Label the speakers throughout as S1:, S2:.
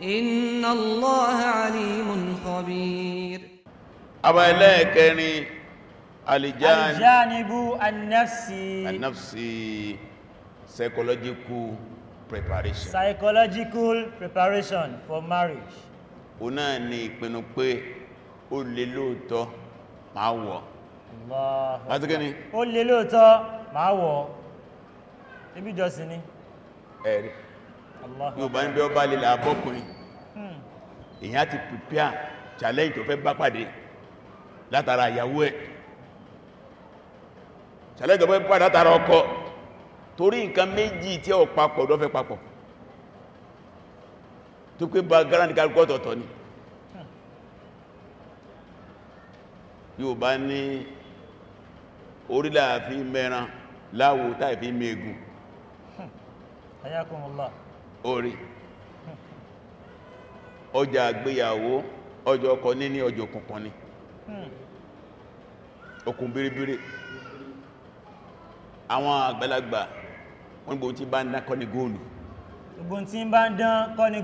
S1: inna Allaha alimun khabir
S2: àbá ẹlẹ́ẹ̀kẹrin aljanibu
S1: annafsi
S2: annafsi psychological preparation
S1: psychological preparation for marriage
S2: o náà ni ìpinnu pé ó lè lóòtọ́ máa wọ̀ láti kí
S1: lè lóòtọ́ máa wọ̀ ibi jọ sí ni
S2: ẹ̀rí yóò bá ń bí ọ bá lè làbọ́kùnrin èyàn ti prepare challenge tó fẹ́ bá pàdé látara ìyàwó ẹ̀ challenge tó fẹ́ bá látara ọkọ torí nǹkan méjì tí ó papọ̀ ló fẹ́ papọ̀ tó pé background kárùkọ́ ọ̀tọ̀ọ̀tọ̀ ni yóò bá ní orílẹ̀ àfi mẹ́ran láwo táì fi mẹ́gùn
S1: ayakumullah
S2: orí ọjà àgbéyàwó ọjọ́ ọkọ níní ọjọ́ òkùnkùn ni hmm. okùn bíríbírí àwọn àgbàlagbà wọ́n gbogbo tí bá ń dán kọ́ ní góòlù
S1: gbogbo tí bá ń dán kọ́ ní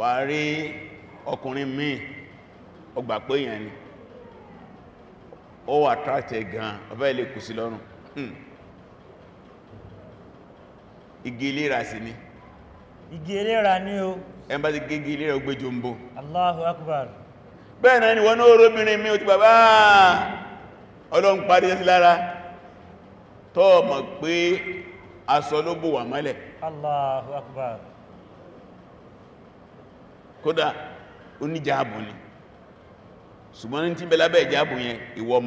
S2: wà rí ọkùnrin míì ọgbà pé èèyàn ni ó wà tráàtẹ̀ gan ọ̀fẹ́ ilé kù sí lọ́rùn hmm. igi ilé ìràsì ni igi eléra ní o ẹmbá ti gígí ilé ọgbé
S1: Allahu Akbar
S2: bẹ́ẹ̀ náà ni wọ́n otu oróbìnrin mi ò ti bàbá ọlọ́run parí sí lára tó mọ̀ pé aṣọ ló bò wà mọ́lẹ̀ kódà ni ṣùgbọ́n ní tí yẹn ìwọ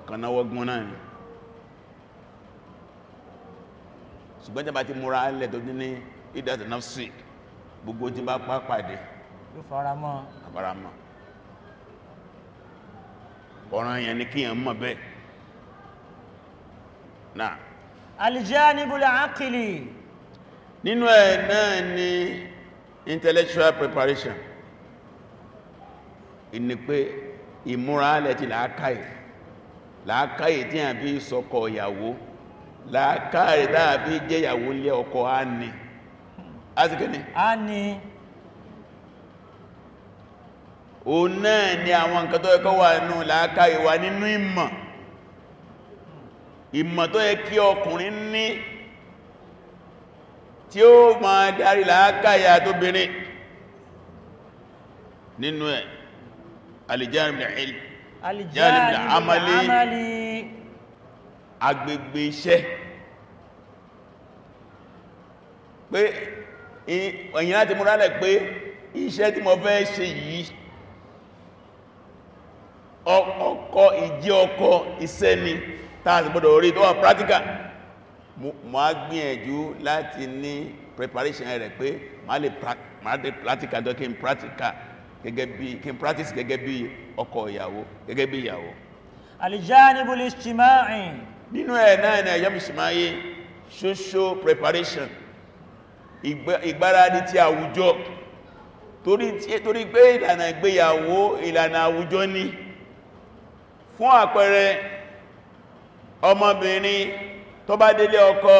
S2: náà ni ṣùgbọ́n tí a bá ti múra lẹ̀ tó ní idat nafsi gbogbo tí bá pa pàdé yóò faramọ́ àfaramọ́ ọ̀ràn yẹn ni kíyàn mọ̀ bẹ́ẹ̀ náà
S1: aljanibul aqli
S2: nínú ẹ̀ náà ni intellectual preparation ìní pé ìmúra lẹ̀ ti làákàyè làákàyè tí a bí sọkọ ìyàwó láàkáàrí dáàbí jẹ́ ìyàwó lé ọkọ a ní a sì kìí a ní o náà ni àwọn nǹkan tó ẹkọ́ wà nínú láàkáàrí wà nínú ìmọ̀ ìmọ̀ tó yẹ kí ọkùnrin ní tí ó máa darí láàkáàrí àtóbìnrin nínú ẹ̀ alìjáàrìmìlì alìjáàrìmìlì agbègbè iṣẹ́ pé ẹ̀yìn láti múra lẹ̀ pé iṣẹ́ tí mo fẹ́ ṣe yìí ọkọ̀ ìjẹ́ ọkọ̀ iṣẹ́ ni tààtì gbọ́dọ̀ orí tó wà practical ma gbìyànjú láti ní preparation rẹ̀ pé ma lè practical jọ kí n practical gẹ́gẹ́ bí kí n practice gẹ́gẹ́ bí ọkọ ìyàwó gẹ́gẹ́ bí ìyàwó alìjáníbùlì ṣìmáàrin nínú ẹ̀ náà ni àyàmù ìsìmáyé social preparation ìgbáradì ti àwùjọ torí pé ìlànà ìgbéyàwó ìlànà àwùjọ ni fún àpẹẹrẹ ọmọbìnrin ọkọ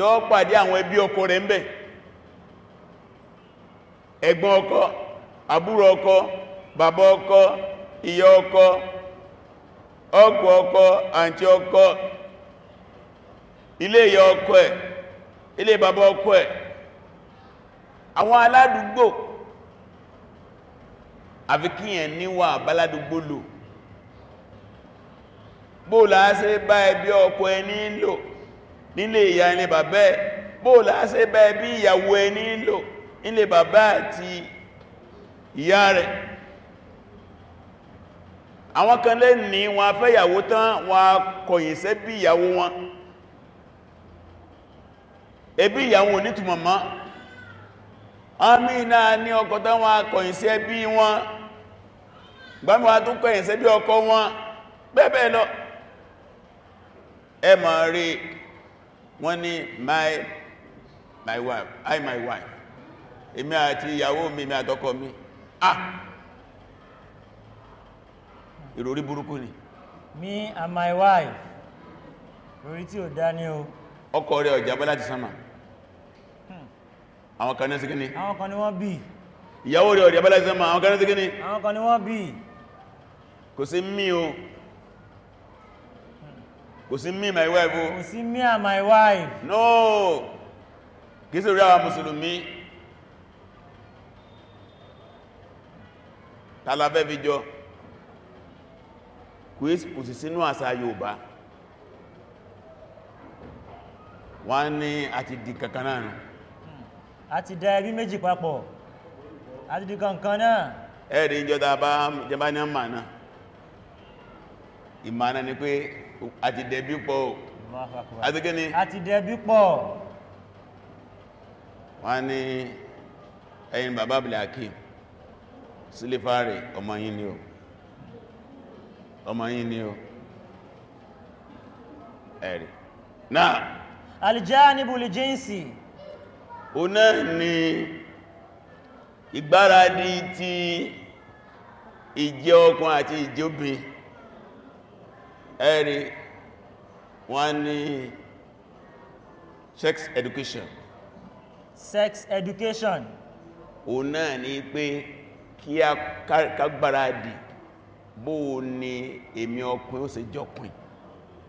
S2: yóò pàdé àwọn ẹbí ọkọ rẹ̀ ń ọkọ àbúrò ọkọ bàbá ọkọ ọkọ ọgbọ̀ ọkọ ọkọ ilé ìyá ọkọ ẹ̀ ilé bàbá ọkọ ẹ̀ àwọn aládùúgbò àfi kí yẹn níwà báládùúgbò lò bóòlá ṣe bá ẹbí ọkọ ẹni lò nílé ìyá ilé bàbá ẹ̀ bóòlá ṣe bá ẹbí ìyàwó ẹni lò nílé bàbá àti ìyá rẹ̀ àwọn kan lè ní wọn afẹ́yàwó tán wọn kọ̀yìn sẹ́bí ìyàwó wọn Ebi ìyàwó onítùmọ̀ mọ́ àmì náà ní ọkọ táwọn akọ̀yìn sí ẹbí wọn gbámọ́wà tó kọ̀yìn sí ẹbí wọn bẹ́ẹ̀bẹ́ẹ̀ lọ ẹ ma rí wọ́n ni my my wife i my wife èmi àti ìyàwó mi mi àtọkọ mi ah ìròrí burúkú ni
S1: me and my wife ìròrí tí ò dá ní o
S2: ọkọ rẹ̀ ọ̀jábọ́ láti sánmà àwọn kan ní sí kíní àwọn kan ni wọ́n bí ìyàwó rẹ̀ ọ̀rẹ́ abẹ́lá ìsẹ́mà àwọn kan ní sí kíní àwọn kan ni wọ́n bí kò sí mí o kò sí mí my wife o kò sí mí and my wife no kìí sí orí àwọn mùsùlùmí tàlàfẹ́ fi jọ kò sí sínú àṣà Yorùbá wọ́n ní àti di kankanáà
S1: a ti dá ẹbí méjì papọ̀ a ti di kankan náà
S2: ẹ̀rí ìjọta bá jẹba ní ọmọ náà ìmọ̀nà ni pé a ti dẹ̀bí pọ̀ a ti gẹ́ni a dẹ̀bí pọ̀ wọ́n ní ẹ̀yin bàbá blaki sílífààrí ọmọ yín ni o ọmọ yín ni o ẹ̀rí náà
S1: aljanibu li jinsi
S2: ona ni igbaradi ti ìjẹ́ okun ati ìjẹ́ obìn ẹ̀rí wọ́n ni sex education sex education o ni pe kí a kágbáradì bó ni emi okun ó ṣe jọkùn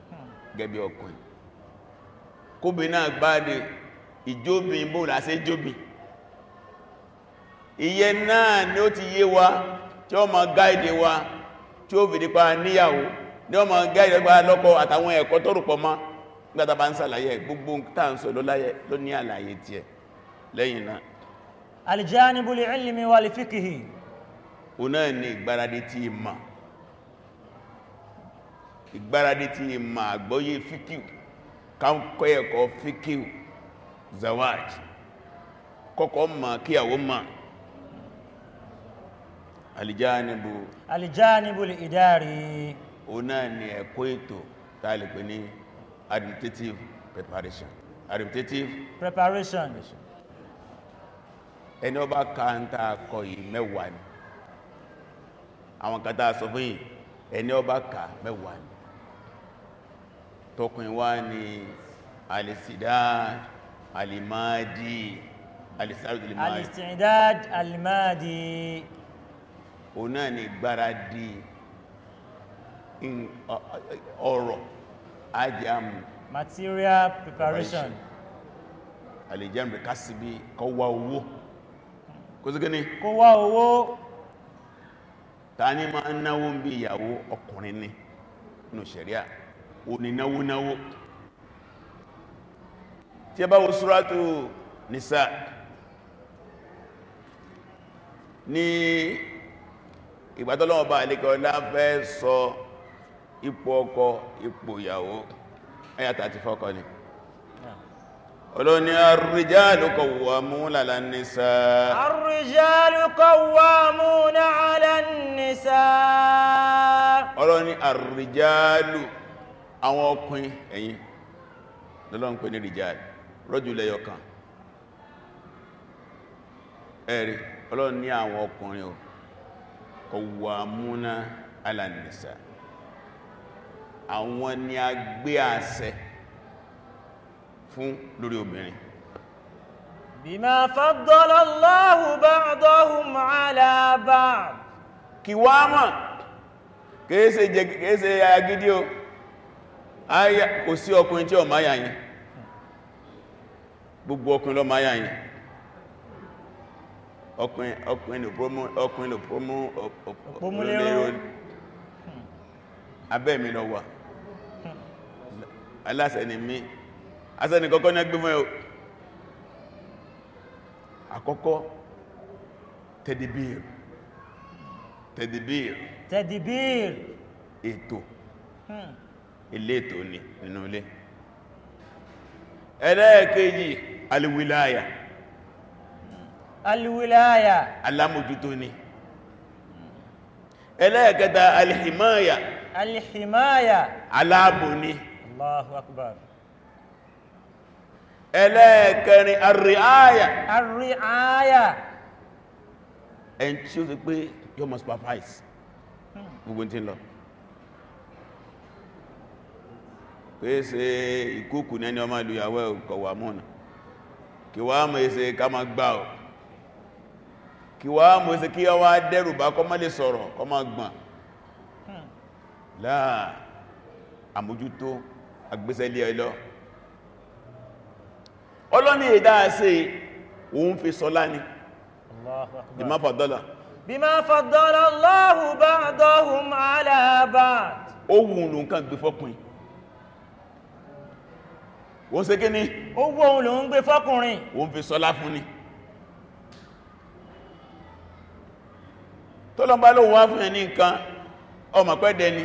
S2: hmm. gẹ́bí ọkùn kóbi náà gbáradì ìjóbin bó làṣẹ jóbin iye náà ni ó ti yé wa tí ó ma gáìdì wa tí ó fìdí pa níyàwó ní ó ma gáìdì pa lọ́kọ àtàwọn ẹ̀kọ́ tó rùpọ̀ ma gbátà ń sàlàyé gbogbo tàà ló ní àlàyé tí ẹ lẹ́yìn náà
S1: aljanibul ilmi wal fikihi
S2: o náà ni ìgbáradì tí ìmà ìgbáradì tí ìmà àgbọ́yé fíkíù káńkọ́ ẹ̀kọ́ fíkíù zawaj kọ́kọ́ ma kí àwọn ma alijanibu
S1: alijanibu l'idari
S2: o náà ni ẹ̀kọ́ ètò tààlì ní administrative preparation administrative
S1: preparation
S2: ẹni ọba káńtà akọ yìí mẹ́wàá ni àwọn kàtà sọ fún yìí ẹni ọba ká mẹ́wàá ni tọkùn ni alìsìdáàdì alìmáàdì alìsìndad
S1: alìmáàdì
S2: o náà ni gbáradì uh, uh, ọ̀rọ̀ ajamu
S1: material preparation
S2: alìjẹ́m rẹ̀ kásìbí kó wá owó kó sí gẹ́ni kó wá owó ta ma ń náwó ń bí ìyàwó ọkùnrin ní nù ṣẹ̀ríà onínáwó náwó, tí ẹ bá wo súrátù nìsá ní ìgbàtọ́lọ́wọ́ bá àlẹ́kọ̀ọ́ láfẹ́ sọ ipò ọkọ ipò ìyàwó àyá 34 kọ́ ni olóní arìjálù kọwàmúnà lánnísà
S1: arìjálù kọwàmúnà lánnísà
S2: olóní arìjálù àwọn ọkùnrin ẹ̀yin lọ́lọ́ ń pè ní rìjálù rọ́jùlẹ̀ yọkan ẹ̀rí ọlọ́run ní àwọn ọkùnrin o kọwàmúná alànìsà àwọn ni a gbé àṣẹ fún lórí obìnrin bima faddala Allahu bá ala ba'd kí wá mọ̀ kèése agídí o kò sí ọkùnrin tí ọmọ yà yìí gbogbo ọkùnrin lọ máa yáyìn ọkùnrin lò promo ọpọlọ́lẹ́rọ abẹ́ mi lọ wà aláṣẹ́ni mi aṣẹ́ni kọ́kọ́ ní ẹgbẹ́ mọ́ àkọ́kọ́ tẹ́dìbìr tẹ́dìbìr tẹ́dìbìr ètò hmm. ilé ètò ní nínú ilé ẹlẹ́ẹ̀kejì alwilaya
S1: alwilaya
S2: alámójútó ni ẹlẹ́ẹ̀kẹta alhimaya
S1: alhimaya
S2: aláàbò ni
S1: Allahu akbar
S2: ẹlẹ́ẹ̀kẹrin arriaya arriaya ẹn tí ó fi pé you must supervise gbogbo tí lọ pèsè ìkókù ní ẹni ọmọ ìlú ìyàwó ẹ̀kọ̀wà mọ́nà kí wá mọ̀ ẹsẹ̀ ká ma gbà ọ̀ kí wá mọ̀ ẹsẹ̀ kí ọwá dẹ́rù bá kọ́ má lè sọ̀rọ̀ kọ́ ma gbọ̀n láà àmójútó agbésẹ́lé ọlọ́ ọlọ́ni ìdáàsí òun fi sọlá ni bima faddala bima
S1: faddala Allahu ba'dahum ala ba'd
S2: ó wùn ó ṣe kí ni ó wọ́ òun lòun gbé fọ́kùnrin òun fi sọlá fún ni tó lọ bá lóun wá fún ẹni nǹkan ọmọ pẹ́ dẹni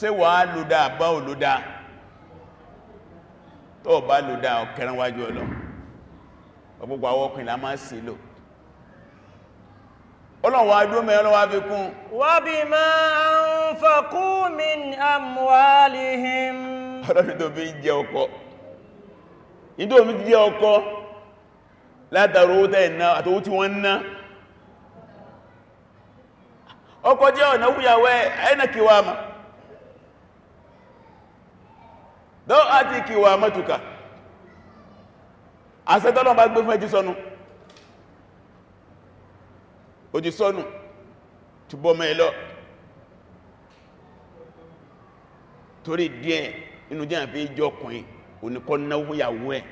S2: ṣe wà á lòdá bá ò lòdá tó bá lòdá ọ̀kẹran wájú ọlọ ọgbogbo àwọn ọkùnrin máa sí lò ọlọ́wọ́ adúmẹ́ ọlọ́wọ́ fi kún
S1: wa bima anfaqu min amwalihim
S2: ọlọ́bìndomi ń jẹ ọkọ ìdómi jẹ ọkọ látàrí owó tẹ́ ìná àtòwó tí wọ́n ná ọkọ jẹ́ ọ̀nà wúyàwó ẹ̀nà kíwà mọ́ dọ́ àti kíwà mọ́tùkà àṣẹ́tọ́lọ́ bá gbé fún ẹjí sọnù òjì sọnù túbọ̀ mẹ́ lọ torí díẹ̀ inú jẹ́ àfi jọkùnrin oníkọ́ náwó yàwó ẹ̀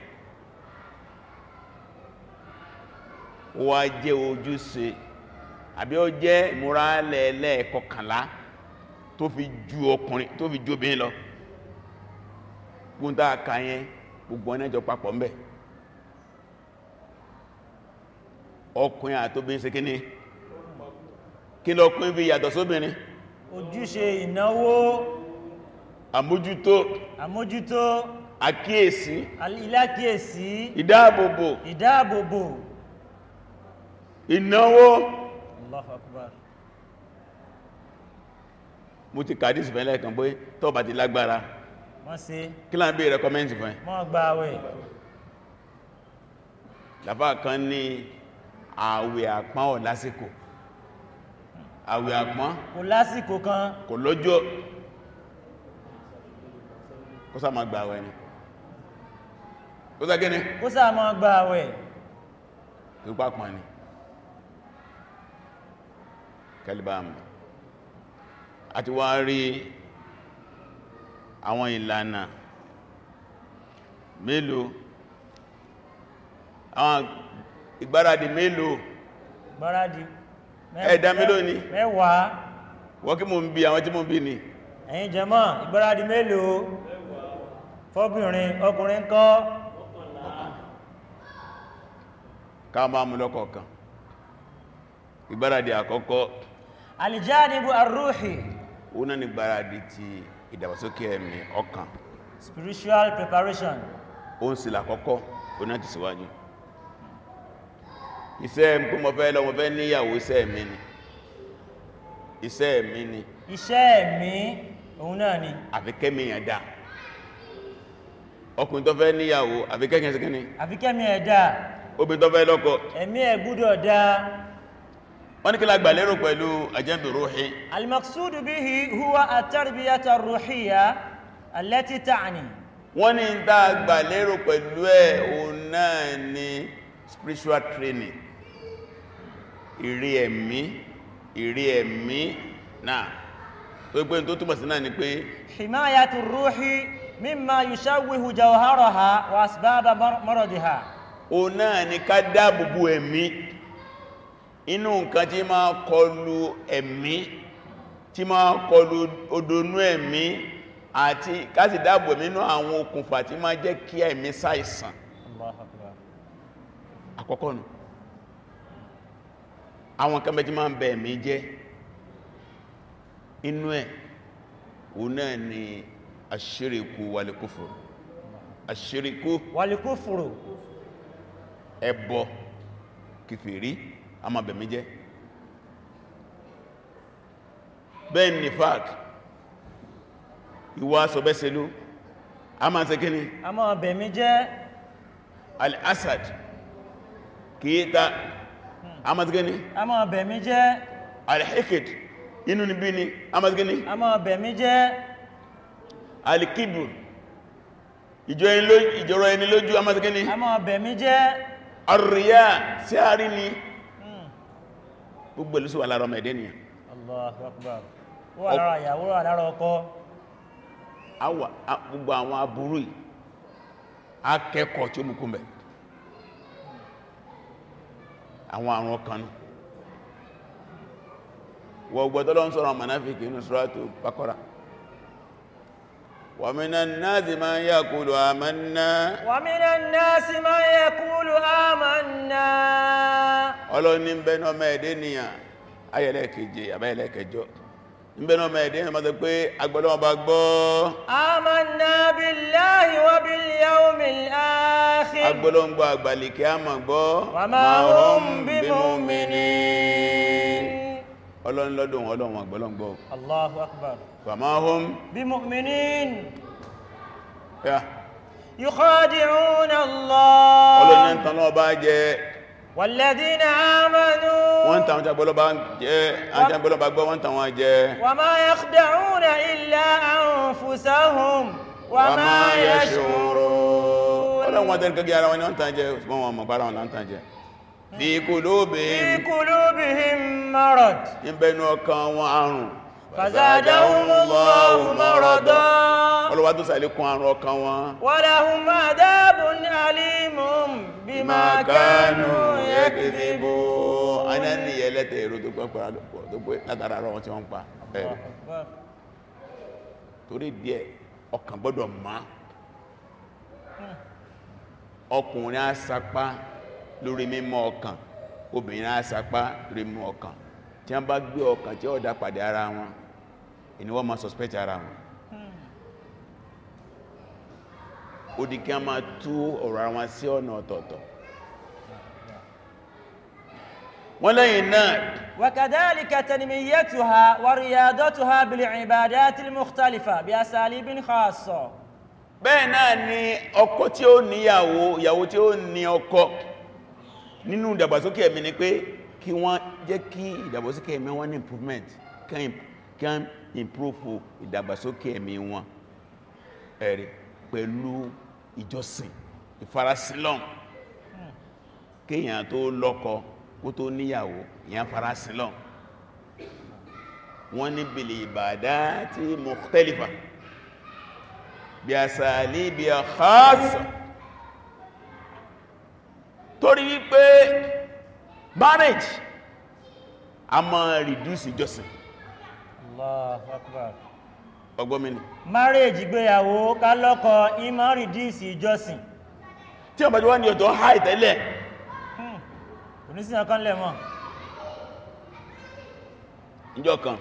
S2: wá jẹ́ ojúṣe àbí ó jẹ́ ìmúra lẹ́ẹ̀lẹ́ kọkànlá tó fi ju ọkùnrin tó fi ju obìnrin lọ gbóńtà ká yẹn gbogbo ọ̀nà ìjọ papọ̀ ń bẹ̀ ọkùnrin àtóbìnrin ṣe kíní kí lọkùnrin fi yàtọ̀ sóbìnrin ojúṣe ìnáwó àmójútó àmójútó àkíyèsí ìlàkíyèsí ìdáàbòbò ìdáàbòbò ìnáwó
S1: Allahu Akbar
S2: mo ti kàdí ìsìnfẹ́ lẹ́ẹ̀kan pé tó bá ti lágbára wọ́n sí kí láàbí rẹ̀kọ́mẹ́ntì fún ẹ̀
S1: wọ́n gba àwẹ̀
S2: làbá kan ní àwẹ̀ àpán ọ̀ lásìkò àwẹ̀ àpán kò lásìkò kan kò lọ́jọ́ kó sáà máa gba àwẹ̀ ni kó sáà gẹ́ni kó sáà
S1: máa gba àwẹ̀
S2: ìrúpá pọ̀ ni kẹlìbàmù àti wá rí àwọn ìlànà mélòó àwọn ìgbáradì mélòó
S1: ìgbáradì ẹ̀dà mélòó ni
S2: mẹ́wàá wọ́n kí mo ń bí àwọn tí mo ń bí ni
S1: ẹ̀yin jẹ́mọ́ ìgbáradì mélòó fọ́bìnrin ọkùnrin kọ́
S2: ká máa mú lọ́kọ̀ọ̀kan ìgbáradì àkọ́kọ́ aljanibu arruhi ó náà ni ìgbáradì ti ìdàgbàsókè ẹ̀mí ọkàn spiritual preparation ó ń sílà àkọ́kọ́ ó náà ti síwájú iṣẹ́ mi kó mo fẹ́ lọ mo fẹ́ níyàwó iṣẹ́ mi ni iṣẹ́ mi ni
S1: iṣẹ́ mi òun náà ni
S2: àfikẹ́mìyàn dáa ọkùnrin tó fẹ́ níyàwó àfikẹ́kẹ́ sí kíní àfikẹ́mí ẹ̀dá obìnrin tó fẹ́ lọ́kọ ẹ̀mí ẹ̀ gbúdọ̀ dá wọ́n ní kí la gbà lérò pẹ̀lú àjẹ́bì rúhí
S1: almaksudu bihi huwa atarbiyata ruhiya allati ta'ni
S2: wọ́n ní tá gbà lérò pẹ̀lú ẹ̀ òun náà ni spiritual training ìrí ẹ̀mí ìrí ẹ̀mí náà tó gbé tó túnbọ̀ sí náà ni pé
S1: himayatu ruhi mímá yùṣáwìhù jàwàhárọ̀ ha wà síbábà mọ́rọ̀dì ha
S2: o ni ká dáàbùbù ẹ̀mí inú nǹkan tí máa kọlu ẹ̀mí tí emi, kọlu odonú ẹ̀mí àti káti dáàbò nínú àwọn okùnfà tí máa jẹ́ emi, ẹ̀mí ṣàìsàn àkọ́kọ́ nù àwọn kan mẹ́jì máa ń bẹ ẹ̀mí jẹ́ ni àṣíríkú wàlíkúfùrù àṣíríkú wàlíkúfùrù ẹbọ kìfèrí a máa bẹ̀mí jẹ́ bẹ́ẹ̀ ni fàk ìwà sọ̀bẹ́sẹ̀lú a máa tẹ́kẹ́ ni a máa bẹ̀mí jẹ́ al-asad kìíta a máa tẹ́kẹ́ ni a máa bẹ̀mí jẹ́ al inú ni bí ni a máa tẹ́kẹ́ ni a máa bẹ̀mí jẹ́ alikibu ìjọrọ ẹni lójú a máa tẹ́kẹ́ ni a máa bẹ̀mí jẹ́ àríyá sí àrí ni gbogbo ìlúsí wà lára ọmọ ẹ̀dẹ́ ni
S1: Allahu Akbar wà lára ìyàwó wà lára ọkọ
S2: gbogbo àwọn àrùn ọkàn wọ́gbọ́tọ́lọ́ ń sọ̀rọ̀ mọ̀náfíkì inú Suratu Baqara ومن الناس من يقول آمنا
S1: ومن الناس من يقول آمنا
S2: Ọlọ́run ní bẹnu ọmọ ẹ̀dẹ́ nìyàn ayẹ́lẹ́kẹ̀ẹ́jẹ àbáyẹ́lẹ́kẹ̀ẹ́jọ nbẹnu ọmọ ẹ̀dẹ́ nìyàn mọ́ta pé agbọ́lọ́wọ́ bá gbọ́
S1: آمنا بالله وباليوم الآخر
S2: agbọ́lọ́wọ́ gbọ́ àgbàlìkẹ́ àmà gbọ́ وما هم بمؤمنين ọlọ́run lọ́dún ọlọ́run àgbọ́lọ́gbọ́
S1: Allahu akbar
S2: wa ma hum bi
S1: mu'minin ya yukhadi'una Allah ọlọ́run ń
S2: tanlọ́ bá jẹ́ walladhina bí
S1: kulubihim
S2: marad ìbẹ̀nu ọkàn wọn àrùn fàzádàhùnmọ́lọ́hùn mọ́rọ̀dọ́ ọlọ́wà tó sàlékún àrùn ọkàn wọn
S1: wọ́láhùn máa dáàbùn ní alìmùn bí máa kánú yẹ́kìdìbò
S2: anáníyẹ lẹ́tẹ̀ èrò tó pẹ́ látara wọn tí wọ́n pa torí díẹ̀ gbọ́dọ̀ lórí mímọ́ ọkàn obìnrin àsapá lórí mímọ́ ọkàn tí wọ́n bá gbé ọkàn tí ó dá pàdé ara wọn ìní wọ́n máa suspect ara wọn ó di kí a máa tú ọ̀rọ̀ ara wọn sí ọ̀nà ọ̀tọ̀ọ̀tọ̀ wọ́n lẹ́yìn náà wakadhalika
S1: tanmiyatuha wa riyadatuha bil ibadatil mukhtalifa bi asalibin khassa
S2: bẹ́ẹ̀ náà ni ọkọ tí ó níyàwó ìyàwó tí ó ní ọkọ nínú ìdàgbàsókè ẹ̀mí ni pé kí wọ́n jẹ́ kí ìdàgbàsókè ẹ̀mí wọn ní improvement can improve ìdàgbàsókè ẹ̀mí wọn ẹ̀rí pẹ̀lú ìjọsìn ìfarasílọ́n kéèyàn tó lọ́kọ kó tó níyàwó èyàn farasílọ́n wọ́n ní bèlè ìbàdá tí mukhtalifa bí àsàlì bí àkásà torí wípé marriage a máa reduce ìjọsìn ọgbọ́mìnì
S1: marriage ìgbéyàwó kálọ́kọ ìmọ̀ reduce ìjọsìn tí ọmọ ìjọwọ́ ní ọ̀tọ̀ ha
S2: ìtẹ́lẹ̀ onísìnà kan lẹ́mọ̀ ìjọ kan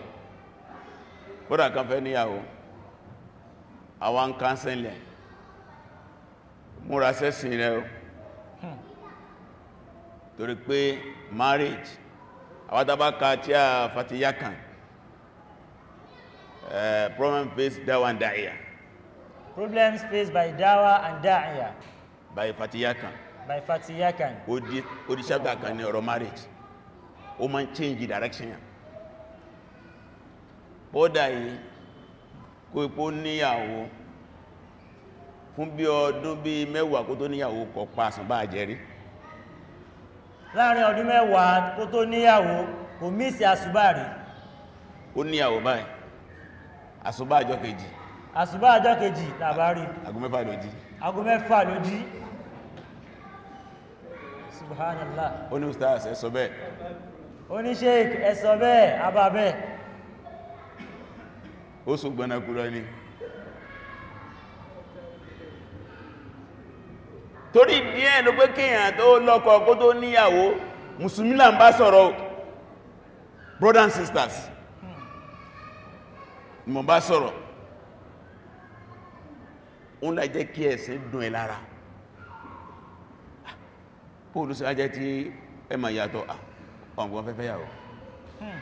S2: bọ́dà kan fẹ́ níyàwó àwọn kánsẹ̀lẹ̀ múra sẹ́sìn rẹ̀ o torí pé marriage àwátábáka tí a fatiyakan uh, problem faced dawa and da'iya
S1: problems faced by dawa and da'iya
S2: by fatiyakan by fatiyakan ó di ṣáptà kan ní ọ̀rọ̀ marriage ó máa change direction yàn bọ́dà yìí kó ipò níyàwó fún bí ọdún bí mẹ́wàá kó tó níyàwó kọ pa àsànbá àjẹ́rí
S1: láàrin ọdún mẹ́wàá kó tó níyàwó kò mísì àṣùbà rí
S2: ó níyàwó báyìí àṣùbà àjọ kejì
S1: àṣùbà àjọ kejì tàbárí
S2: agun mẹ́fà ló jí
S1: mẹ́fà ló subhanallah
S2: ó ní ustaz ẹ sọ bẹ́ẹ̀
S1: ó ní sheik ẹ sọ bẹ́ẹ̀ abá bẹ́ẹ̀
S2: ó sùn gbọ́nà ni torí ní ẹnu pé kíyàn tó lọ́kọ kó tó níyàwó musulmi là ń bá sọ̀rọ̀ brothers and sisters mọ̀ bá sọ̀rọ̀ ó láì jẹ́ kí ẹ̀sìn dùn ẹ lára pòlù sí ajẹ́ tí ẹ ma yàtọ̀ ah, ọ̀gbọ̀n fẹ́fẹ́ yàwó hmm.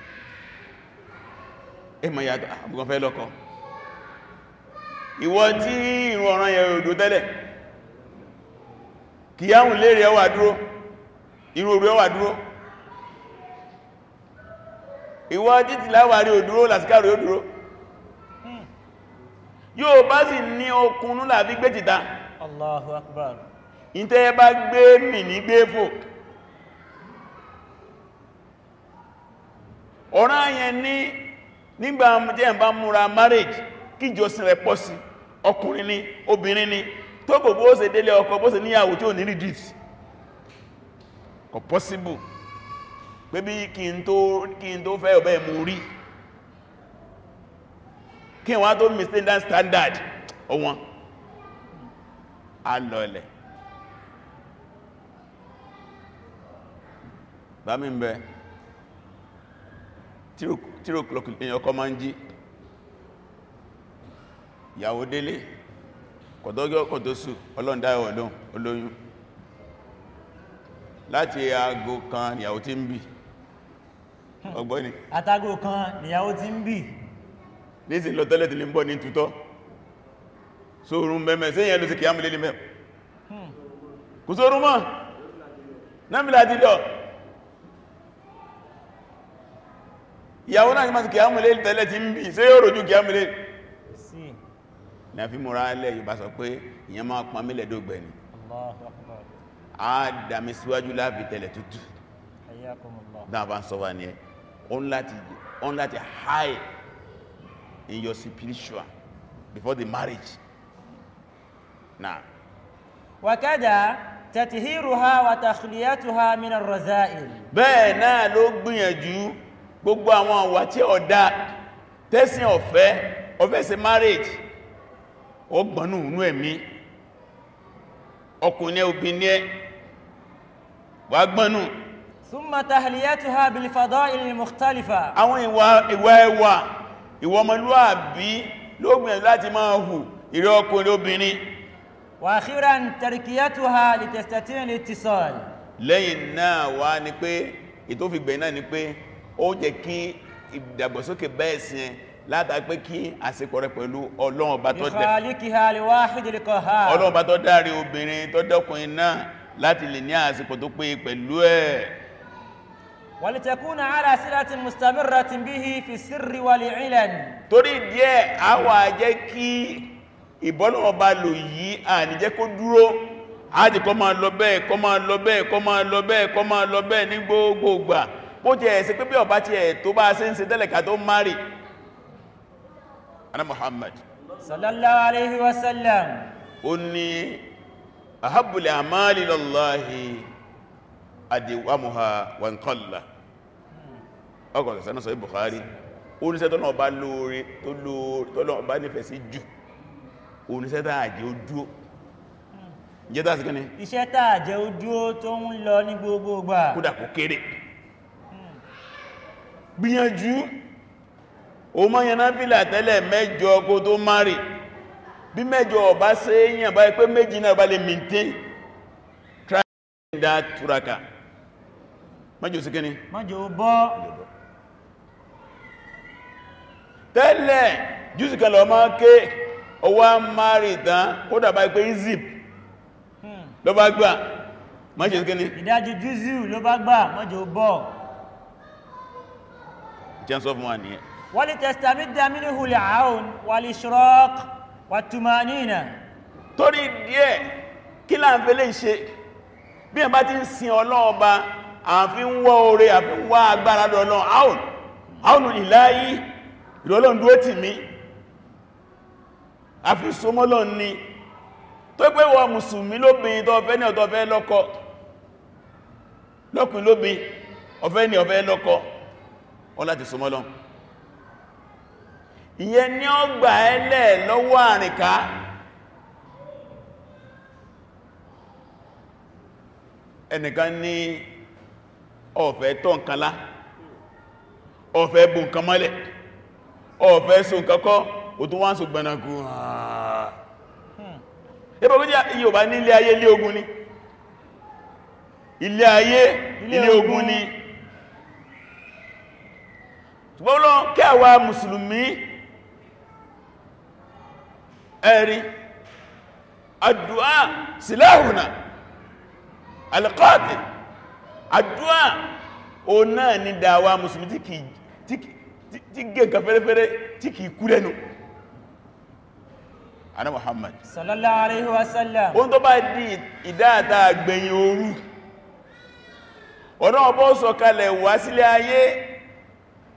S2: ah, tí yẹ̀ òdó tẹ́lẹ̀ kìyàwùn lè rí ọwà dúró irú orí ọwà dúró ìwọ́n títí láwàrí òdúró lásìkàrí òdúró hmm. yóò bá sì ní okun núlà gbé jìta Allahu Akbar ìtẹ́ bá gbé mì ní gbé fò ọ̀rọ̀ ayẹn ní nígbà jẹ́ múra marriage kí rẹ̀ ni obìnrin ni tóbò bó ṣe délé ọkọ bó ṣe níyàwó tí ò ní rìdìt kò possible pé bí kí n tó fẹ́ ọ̀bẹ́ mú rí kí wọ́n tó mistake that standard ọwọ́n alọ́lẹ̀ bá mi ń bẹ tírò clock èyàn ọkọ máa ń jí ìyàwó délé kọ̀tọ́gí ọkọ̀ tó sù ọlọ́ndá ẹ̀wọ̀ lóhun olóyún láti aago kan nìyàwó tí ń bì ọgbọ́n ni
S1: àtàgò kan nìyàwó tí ń bì
S2: nísì lọ tẹ́lẹ̀ tí lè ń bọ̀ ní tutọ́ sórun mẹ́mẹ́ sí ìyẹn ló sì kí á mú lé hmm. mọ́ náàmìlá ìyàwó náà ti máa sì kí á tí ń bì sí yóò rojú kí á mú na fi múra ilẹ̀ Yorùbá sọ pé ìyẹn máa pọn mílẹ̀ dógbẹ̀ ni a dàmí síwájú láàbí tẹ̀lẹ̀ tútù dáàbà ń sọ wà ní ẹ on láti high in your spiritual before the marriage na
S1: wakada tatihiruha wa takhliyatuha min ar-raza'il
S2: bẹ́ẹ̀ náà ló gbìyànjú gbogbo àwọn àwà ọ̀dá tẹ́sìn ọ̀fẹ́ ọ̀fẹ́ ṣe marriage ó gbọ́nù inú ẹ̀mí ọkùnrin obìnrin ẹ wà gbọ́nù thumma tahliyatuha
S1: bil fada'il al mukhtalifa
S2: àwọn ìwà ẹwà ìwà ọmọlúàbí lóògbìn láti máa hù ìrẹ́ ọkùnrin obìnrin wa akhiran tarkiyatuha ní láta pé kí àsìkò rẹ̀ pẹ̀lú ọlọ́run tó dẹ̀ dárí obìnrin tó dọ́kùnrin náà láti lè ní àsìkò tó pé pẹ̀lú ẹ̀
S1: wàlìtẹ̀kúnà ara síratin mustamirratin
S2: bihi fi sirri wal ilan torí díẹ̀ a wà jẹ́ kí ọba lò yí ana muhammad sallallahu alaihi wasallam ó ní ahabbul amali lillahi adiwamuha wa nqalla ọkọ̀ sọ̀sánà sọ Bukhari oníṣẹ́ tọ́nà ọba lóore tó lóore tọ́nà ọba nífẹ̀ẹ́ sí jù oníṣẹ́ tààjẹ́ ojú jẹ́ tàà sí kí ni
S1: iṣẹ́ tààjẹ́ ojú
S2: tó ń lọ ní gbogbo gbà kódà kéré gbìyànjú o mọ́ yẹn fílà tẹ́lẹ̀ mẹ́jọ kó tó márì bí mẹ́jọ ọ̀bá ṣe yàn bá pé méjì náà bá lè maintain trying that túraka mọ́jọ sí kíní mọ́jọ bọ́ tẹ́lẹ̀ jùsì kan lọ máa ké ọwá márì tán kó dàbá pé zip lọ bá gbà mọ́jọ sí kíní ìdájú jùsì ló bá gbà mọ́jọ bọ́ jẹ́ sọ fún wa nìyẹn
S1: ولتستمد منه العون والإشراق
S2: والطمأنينة torí díẹ̀ kí la ń fẹ́ lè ṣe bí ẹ bá ti ń sin Ọlọ́run Ọba àfi ń wọ́ oore àfi ń wá agbára lọ́nà àwọn àwọn ìláyí ìrọ̀lọ́n dúó tì mí àfi súnmọ́lọ́ ní tó pé wọ mùsùlùmí lóbin tó ní ọ̀tọ̀fẹ́ lọ́kọ lọ́kùn lóbin ọ̀fẹ́ ní ọ̀fẹ́ lọ́kọ ọlá ti súnmọ́lọ́n ihe ni ó gbà ẹlẹ́ lọ́wọ́ àrìnká ẹnìkan ní ọ̀fẹ́ tọ́ ọ̀fẹ́ bù nǹkan mọ́lẹ̀ ọ̀fẹ́ so nǹkan o tún wọ́n hmm. iye ní ilé ayé ilé ogun ni ilé ayé ilé ogun ni ṣùgbọ́n lọ kẹwàá ẹ̀rí àdúà síláhùnà alqatil àdúà o náà ní dáwà musulmi tí gẹ́gà fẹ́rẹ́fẹ́rẹ́ tí kìí kú lẹ́nu ana muhammad sallallahu alaihi wasallam ohun tó bá di ìdáta gbẹ̀yìn òru ọ̀nà ọbọ́ sọ̀kalẹ̀ wá sílé ayé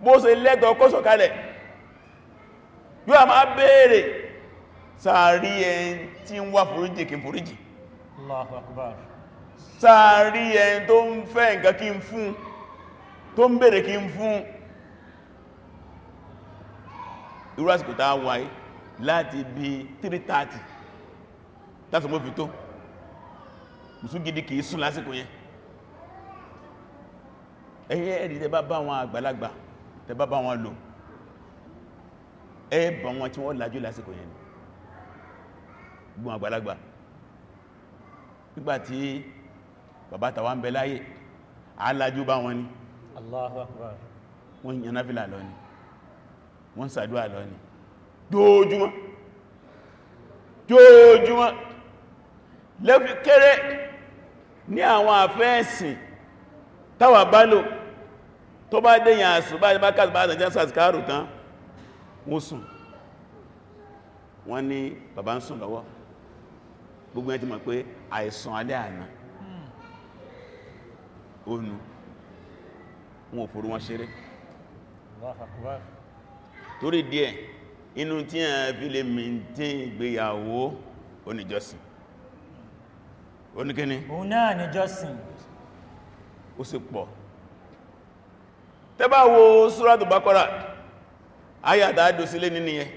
S2: bó ṣe lẹ́tọ̀ọ́ kó sọ̀kalẹ̀ yóò a máa béèrè sáàrí ẹn tí ń wá foríjì kí n foríjì
S1: Allahu Akbar
S2: sáàrí ẹn tó ń fẹ́ nǹkan kí n fún tó ń bèèrè kí n fún irú àsìkò tàà wáyé láti bí 330 tásọ̀ mọ́ fi tó mùsùn gidi kìí sùn lásìkò yẹn ẹ̀yẹ ẹ̀rì tẹ bá bá wọn àgbàlagbà tẹ bá bá wọn lò ẹ bá wọn tí wọ́n lájú lásìkò yẹn gbọ́n àgbàlagbà nígbàtí bàbá tàwa ń bẹ láyé alájú bá wọn ni Allahu Akbar wọ́n yàn náfìlà lọ ni wọ́n ṣàdúà lọ ni dójúmọ́ dójúmọ́ lẹ́fi kéré ní àwọn àfẹ́ẹ̀sìn táwà bá lò tó bá dẹ̀yàn àṣùbá ìbákàtà bá àjẹ́ sàtìkárù tán wọ́n sùn wọ́n ní bàbá ń sùn lọ́wọ́ gbogbo ẹ ti mọ̀ pé àìsàn alẹ́ àná ònu hmm. wọn ò fòrò wọn ṣeré torí díẹ̀ inú tí a fi lè mìntín ìgbéyàwó oníjọsìn oníkíní òun
S1: náà níjọsìn
S2: ó sì pọ̀ tẹ́bà wo Suratu Baqara ayàtà àdòsílé nínú yẹn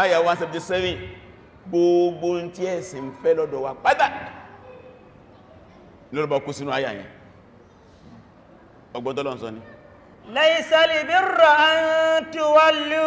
S2: ayà 177 gbogbo tí ẹ̀sìn fẹ́ lọ́dọ̀ wa pátá lọ́rọ̀bọ̀ kú sínú àyà yẹn ọgbọ́tọ́lọ́ sọ ni
S1: laysal birra an tuwallu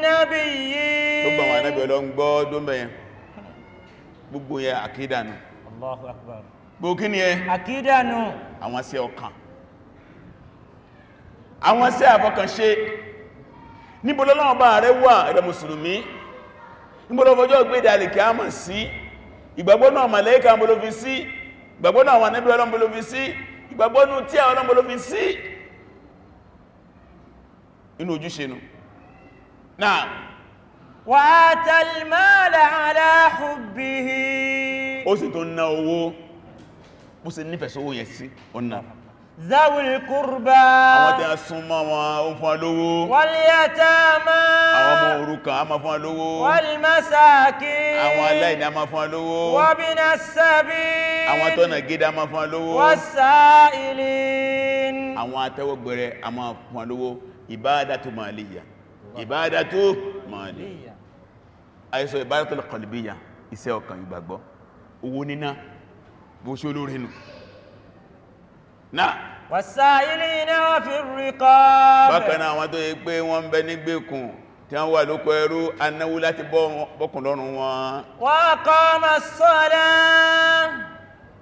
S1: nabiyyin
S2: gbogbo àwọn ànábì Ọlọ́run gbọ́ dómẹ́yẹn gbogbo yẹ àkídànù
S1: akbar
S2: gbogbo kí ni ẹ àkídànù àwọn sí ọkàn àwọn sí àfọkànṣe níbo lọ́lọ́run bá rẹ wà ẹ̀rẹ̀ mùsùlùmí níbo ló fọjọ́ gbé ìdàlẹ̀ kí a mọ̀ sí ìgbàgbọ́ náà màlẹ́kà mbolofi sí ìgbàgbọ́ náà àwọn ànábì inú ojúṣe nù نعم
S1: وآتى المال على حبه
S2: ó sì tún ná owó bó sì nífẹ̀ẹ́ sówó yẹ sí ọ̀nà zawil kurba àwọn tí a súnmọ́ wọn ó fún alówó wal
S1: yatama àwọn ọmọ
S2: òrukàn a máa fún alówó wal masakin àwọn aláìní a máa fún alówó wabina ìbádàtú mọ̀lẹ́yà àìsọ ìbádàtú kọlìbíyà iṣẹ́ ọkàn ìgbàgbọ́ owó níná bó ṣe olórin nù náà
S1: wàsáìlì iná
S2: fi ríkọ́ bákanáà wọn tó yí pé wọ́n ń bẹ nígbèkùn tí wọ́n wà lóko ẹrú anáwó láti bọ́kùn wọn wọ́n
S1: kọ́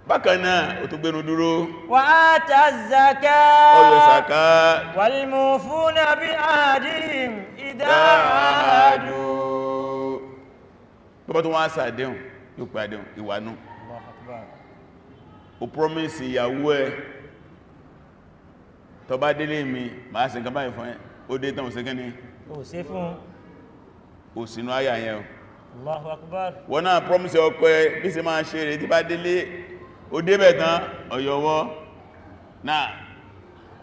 S2: bákanáà o tó gbénu dúró
S1: wà á ta zaka ọyọ̀ zaka wàlmù fún àbí àdíhìm ìdáàdù
S2: gbogbo tó wọ́n á sàdéhùn yóò pè àdéhùn ìwànú o promise ìyàwó ẹ tó bá délé mi máa ṣe nǹkan báyìí fún ẹ ó dé tán òsìnkẹ́ ni ó ṣe fún òsìnú ayà yẹn wọ́n náà promise ọkọ ẹ bí ṣe máa ṣe rẹ̀ tí bá délé ó débẹ̀ tán ọ̀yọ̀wọ́ náà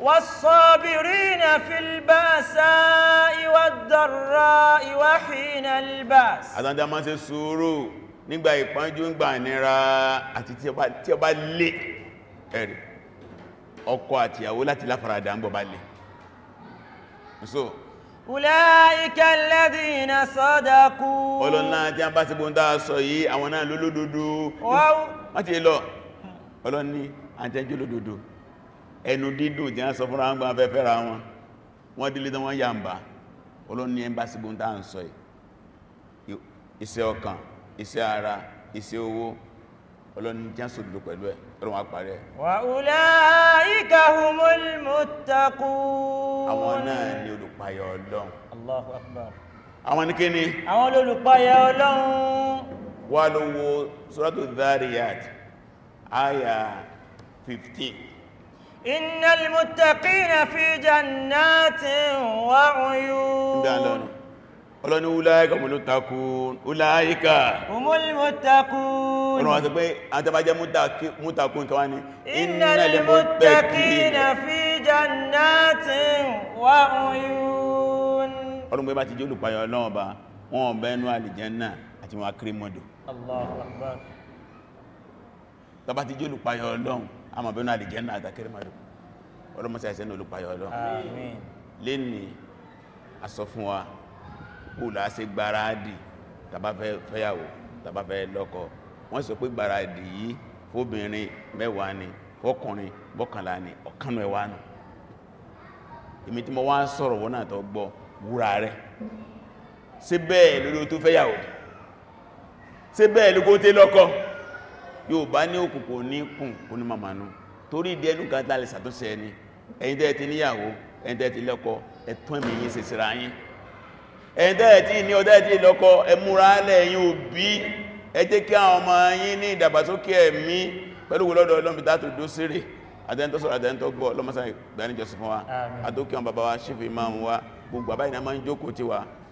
S1: والصابرين في البأساء والضراء وحين البأس
S2: àtàndà máa ṣe sùúrù nígbà ìpọ́njú nígbà ìnira àti tí ó bá lè ẹ̀rì ọkọ àti ìyàwó láti láfaradà ń bọ̀ bá lè so
S1: Ulaika alladhina sadaqu ọlọ́nà
S2: tí a bá sí gbóǹdá sọ yìí àwọn náà lólódódó wọ́n ti lọ ọlọ́ni àtẹ́jú lódòdó ẹnu dídùn tí wọ́n sọ fún àwọn agbára fẹ́fẹ́ ra wọn wọ́n dílé tán wọ́n yàmbá ọlọ́ni ẹmbásí gún tàà ń sọ iṣẹ́ ọkàn iṣẹ́ ara iṣẹ́ owó ọlọ́ni tí wọ́n sòdòdó pẹ̀lú ẹ̀ ọlọ́run àpàrẹ
S1: wa ulaika humul
S2: muttaqun àwọn náà àyà 15
S1: innal muttaqina fi jannatin wa uyun
S2: ọlọ́ni wúláyíká múlùtakún wúláyíká múlùtakún ọ̀rọ̀ àti pé àtàbájẹ́ mútakún kọwa ni innal muttaqina
S1: fi jannatin wa
S2: uyun ọlọ́run pé bá ti jẹ́ olùpayọ̀ ọlọ́ọ̀ba wọn ọ̀bẹ́nu àlìjẹ́nà àti tàbá ti jẹ́ olùpayọ̀ ọlọ́run a mọ̀ bẹ́nu àlìjẹ́nà àtàkẹ́rẹ́mọ̀dù ọlọ́mọsí àìsẹ́ ní olùpayọ̀ ọlọ́run lẹ́ni àsọ fún wa kó là gbáradì tàbá fẹ́yàwó tàbá fẹ́ lọ́kọ wọ́n sọ pé gbáradì yìí fóbìnrin mẹ́wàá ni fọ́kùnrin bọ́kànlá ni ọ̀kanú ẹ̀wà nù èmi tí mo wá sọ̀rọ̀ wọ́n náà tó gbọ́ wúra rẹ̀ ṣé bẹ́ẹ̀ lórí o tó fẹ́yàwó ṣé bẹ́ẹ̀ lórí o tó lọ́kọ yóò bá ní òkùnkùn ní kùn oní mamanú torí ìdí ẹnu kan tààlẹ̀ sàtúnṣe ẹni ẹ̀yin tẹ́ ti níyàwó ẹ̀yin tẹ́ ti lọ́kọ ẹ̀tún ẹ̀mí yìí ṣe síra yín ẹ̀yin tẹ́ ti ní ọdẹ́ ti lọ́kọ ẹmúra alẹ́ ẹ̀yin òbí ẹ jẹ́ kí àwọn ọmọ yín ní ìdàgbàsókè ẹ̀mí pẹ̀lú wọlọ́dọ̀ ọlọ́mí tààtù dóṣèrè àtẹ́ntọ́sọ̀rọ̀ àtẹ́ntọ́gbọ́ ọlọ́mọsán ìdáníjọsìn fún wa àtókè àwọn bàbá wa ṣífì máa ń wa gbogbo àbáyìí